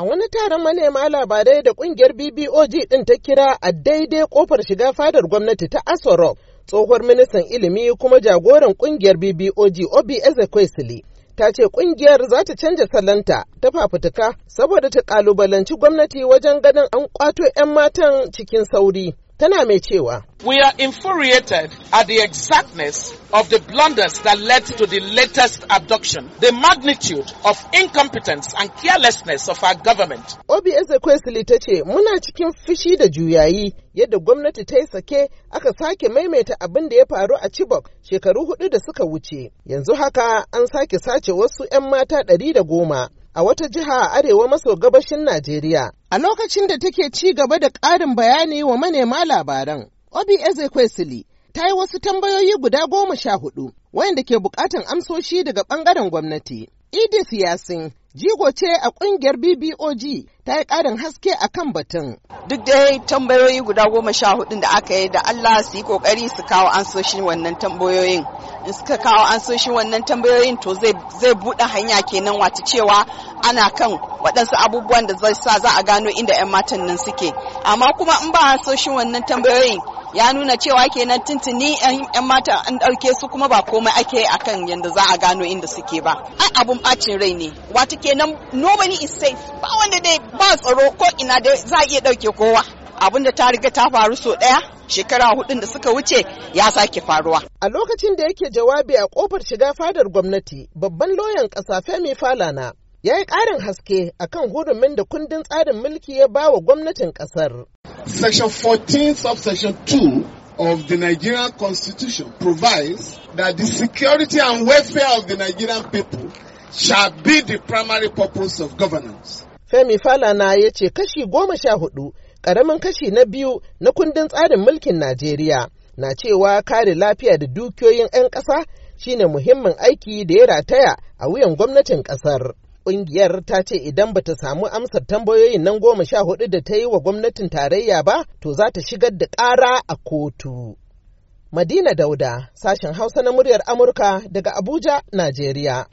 A wani taron manema labarai da kungiyar BBOG ɗin ta kira a daidai ƙofar shiga fadar gwamnati ta asoro tsohuwar ministan ilimi kuma jagoran kungiyar BBOG Obi Ezekwesili. Ta ce kungiyar za ta canja salanta ta fafutuka saboda ta kalubalanci gwamnati wajen ganin an kwato 'yan matan cikin sauri. tana mai cewa We are infuriated at the exactness of the blunders that led to the latest abduction, the magnitude of incompetence and carelessness of our government. OBS Ekwesili ta ce muna cikin fushi da juyayi yadda gwamnati ta yi sake aka sake maimaita abin da ya faru a Chibok shekaru hudu da suka wuce. Yanzu haka an sake sace wasu 'yan mata ɗari da goma a wata jiha a arewa maso gabashin Najeriya. A lokacin da take ci gaba da ƙarin bayani wa manema labaran, Obi Ezekwesili ta yi wasu tambayoyi guda goma sha hudu wayanda ke buƙatan amsoshi daga ɓangaren gwamnati. Idris Yasin Jigo ce a ƙungiyar BBOG ta yi ƙarin haske a kan batun. Duk da tambayoyi guda goma sha hudun da aka yi da Allah su yi ƙoƙari su kawo ansoshin wannan tambayoyin. In suka kawo ansoshin wannan tambayoyin to zai buɗe hanya kenan wata cewa ana kan waɗansu abubuwan da zai sa za a gano inda 'yan matan nan suke. Amma kuma in ba ansoshin wannan tambayoyin ya nuna cewa kenan tuntuni yan mata an ɗauke su kuma ba komai ake a kan yadda za a gano inda suke ba ai abun bacin rai ne Wata kenan nobody is safe ba wanda dai ba tsaro ko ina da za a iya ɗauke kowa Abun da ta riga ta faru so ɗaya shekara hudun da suka wuce ya sake faruwa. A lokacin da yake jawabi a kofar shiga fadar gwamnati, babban loyan ƙasa Femi Falana ya yi ƙarin haske akan hudumin da kundin tsarin mulki ya ba wa gwamnatin ƙasar. Section 14 subsection 2 of the Nigerian Constitution provides that the security and welfare of the Nigerian people shall be the primary purpose of governance. Femi Falana ya ce kashi goma sha hudu, ƙaramin kashi na biyu na kundin tsarin mulkin Najeriya na cewa kare lafiya da dukiyoyin 'yan ƙasa shine muhimmin aiki da ya rataya a wuyan gwamnatin ƙasar. Ƙungiyar ta ce idan ba ta samu amsar tambayoyin nan goma sha hudu da ta yi wa gwamnatin tarayya ba, to za ta shigar da ƙara a kotu. Madina Dauda, sashen Hausa na muryar Amurka daga Abuja, Najeriya.